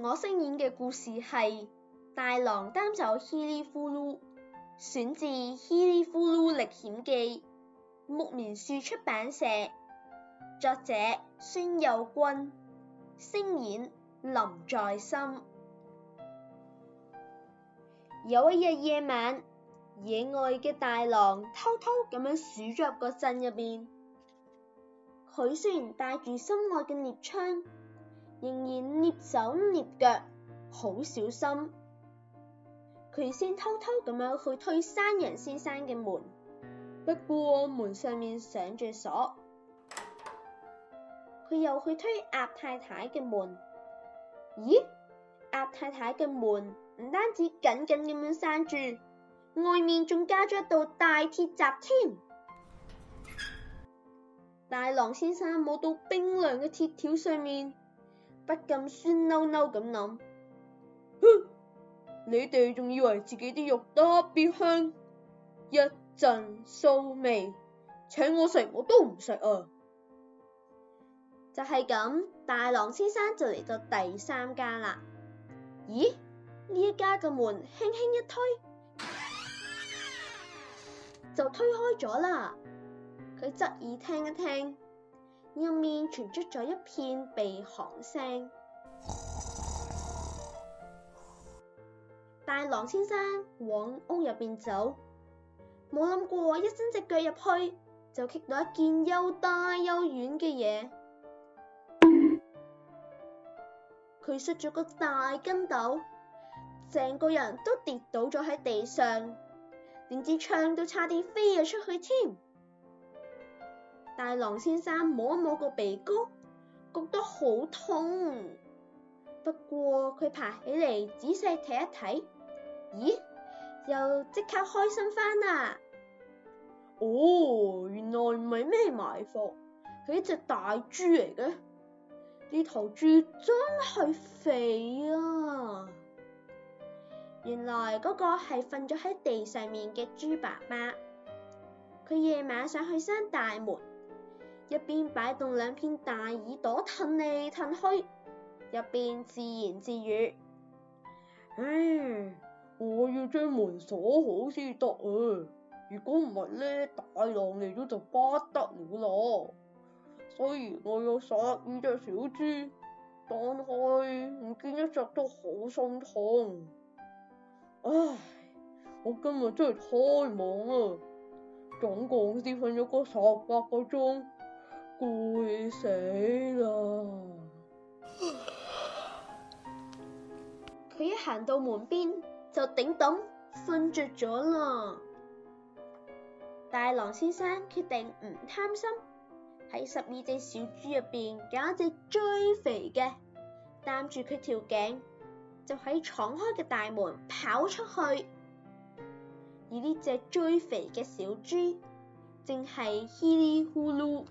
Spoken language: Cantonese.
我聲演嘅故事係《大狼擔走唏哩呼嚕》，選自《唏哩呼嚕歷險記》，木棉樹出版社，作者孫幼軍。聲演林在心。有一日夜晚，野外嘅大狼偷偷咁樣鼠入個鎮入面，佢雖然帶住心愛嘅獵槍。仍然躡手躡腳，好小心。佢先偷偷咁樣去推山羊先生嘅門，不過門上面上住鎖。佢又去推鴨太太嘅門，咦？鴨太太嘅門唔單止緊緊咁樣閂住，外面仲加咗一道大鐵閘添。大狼先生摸到冰涼嘅鐵條上面。不禁酸嬲嬲咁諗，哼， 你哋仲以為自己啲肉特別香，一陣騷味，請我食我都唔食啊！就係咁，大狼先生就嚟到第三間啦。咦？呢一家嘅門輕輕一推， 就推開咗啦。佢側耳聽一聽。入面傳出咗一片鼻鼾聲，大狼先生往屋入邊走，冇諗過一伸隻腳入去，就棘到一件又大又軟嘅嘢，佢摔咗個大筋斗，成個人都跌倒咗喺地上，連隻槍都差啲飛咗出去添。大狼先生摸一摸個鼻哥，覺得好痛。不過佢爬起嚟，仔細睇一睇，咦？又即刻開心返啦！哦，原來唔係咩埋伏，佢係隻大豬嚟嘅。呢頭豬真係肥啊！原來嗰個係瞓咗喺地上面嘅豬爸爸，佢夜晚上想去閂大門。一邊擺動兩片大耳朵褪嚟褪去，一邊自言自語：唉、嗯，我要將門鎖好先得啊！如果唔係咧，大狼嚟咗就不得了咯。雖然我有十二隻小豬，但係唔見一隻都好心痛。唉，我今日真係太忙啦，總共先瞓咗個十八個鐘。攰死啦！佢 一行到門邊就頂凍瞓着咗啦。大狼先生決定唔貪心，喺十二隻小豬入邊有一隻最肥嘅，擔住佢條頸就喺敞開嘅大門跑出去。而呢隻最肥嘅小豬正係唏哩呼嚕。